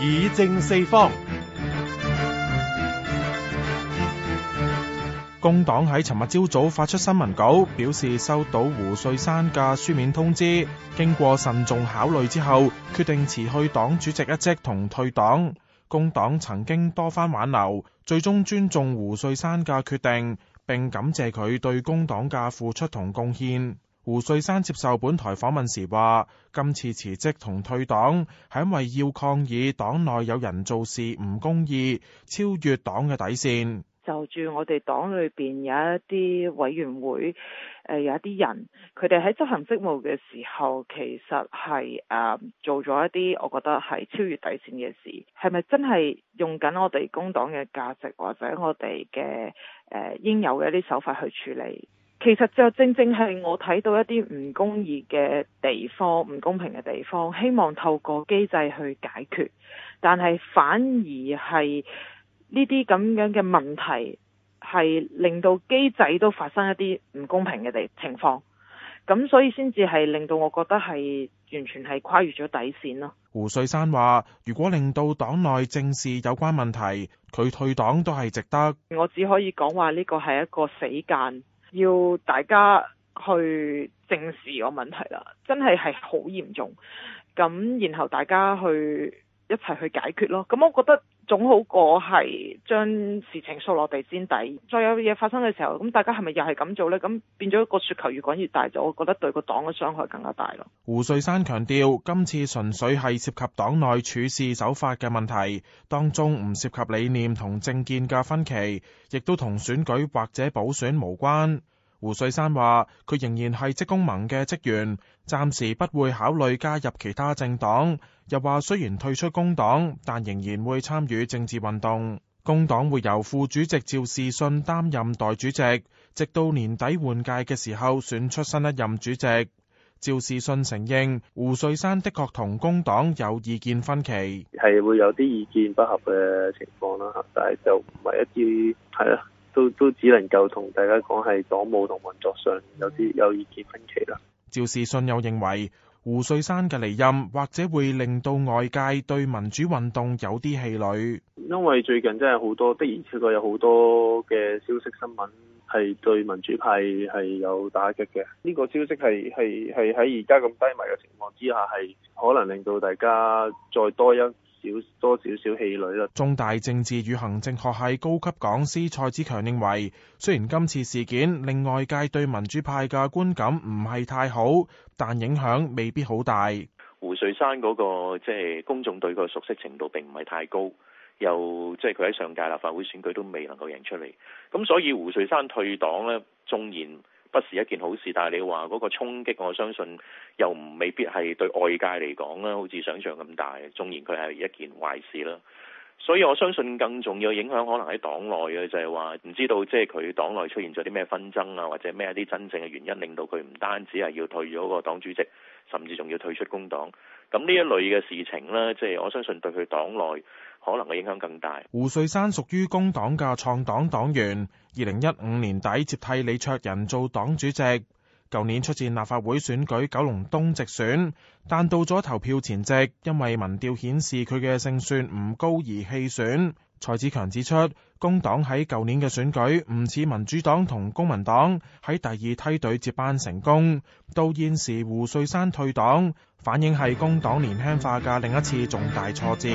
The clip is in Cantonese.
議政四方。工黨喺尋日朝早發出新聞稿，表示收到胡穗珊嘅書面通知，經過慎重考慮之後，決定辭去黨主席一職同退黨。工黨曾經多番挽留，最終尊重胡穗珊嘅決定，並感謝佢對工黨嘅付出同貢獻。胡穗珊接受本台訪問時話，今次辭職同退黨係因為要抗議黨內有人做事唔公義，超越黨嘅底線。就住我哋黨裏邊有一啲委員會，誒有一啲人，佢哋喺執行職務嘅時候，其實係誒、呃、做咗一啲我覺得係超越底線嘅事，係咪真係用緊我哋工黨嘅價值或者我哋嘅誒應有嘅一啲手法去處理？其實就正正係我睇到一啲唔公義嘅地方、唔公平嘅地方，希望透過機制去解決，但係反而係呢啲咁樣嘅問題係令到機制都發生一啲唔公平嘅地情況，咁所以先至係令到我覺得係完全係跨越咗底線咯。胡穗珊話：如果令到黨內正視有關問題，佢退黨都係值得。我只可以講話呢個係一個死間。要大家去正視個問題啦，真係係好嚴重。咁，然後大家去。一齊去解決咯，咁我覺得總好過係將事情掃落地先底，再有嘢發生嘅時候，咁大家係咪又係咁做呢？咁變咗個雪球越滾越大，就我覺得對個黨嘅傷害更加大咯。胡穗珊強調，今次純粹係涉及黨內處事手法嘅問題，當中唔涉及理念同政見嘅分歧，亦都同選舉或者補選無關。胡穗珊話：佢仍然係職工盟嘅職員，暫時不會考慮加入其他政黨。又話雖然退出工黨，但仍然會參與政治運動。工黨會由副主席趙仕信擔任代主席，直到年底換屆嘅時候選出新一任主席。趙仕信承認胡穗珊的確同工黨有意見分歧，係會有啲意見不合嘅情況啦，但係就唔係一啲係啊。都都只能夠同大家講，係黨務同運作上有啲有意見分歧啦。趙仕信又認為胡穗珊嘅離任或者會令到外界對民主運動有啲氣餒，因為最近真係好多，多的而且確有好多嘅消息新聞，係對民主派係有打擊嘅。呢、這個消息係係係喺而家咁低迷嘅情況之下，係可能令到大家再多一。少多少少氣餒啦。中大政治與行政學系高級講師蔡子強認為，雖然今次事件令外界對民主派嘅觀感唔係太好，但影響未必好大。胡穗珊嗰、那個即係、就是、公眾對佢熟悉程度並唔係太高，又即係佢喺上屆立法會選舉都未能夠贏出嚟，咁所以胡穗珊退黨咧，縱然。不是一件好事，但係你話嗰個衝擊，我相信又唔未必係對外界嚟講啦，好似想像咁大。縱然佢係一件壞事啦，所以我相信更重要影響可能喺黨內嘅，就係話唔知道即係佢黨內出現咗啲咩紛爭啊，或者咩一啲真正嘅原因令到佢唔單止係要退咗個黨主席。甚至仲要退出工黨，咁呢一類嘅事情呢，即係我相信對佢黨內可能嘅影響更大。胡穗珊屬於工黨嘅創黨黨員，二零一五年底接替李卓人做黨主席，舊年出戰立法會選舉九龍東直選，但到咗投票前夕，因為民調顯示佢嘅勝算唔高而棄選。蔡子強指出，工黨喺舊年嘅選舉唔似民主黨同公民黨喺第二梯隊接班成功，到現時胡穗珊退黨，反映係工黨年輕化嘅另一次重大挫折。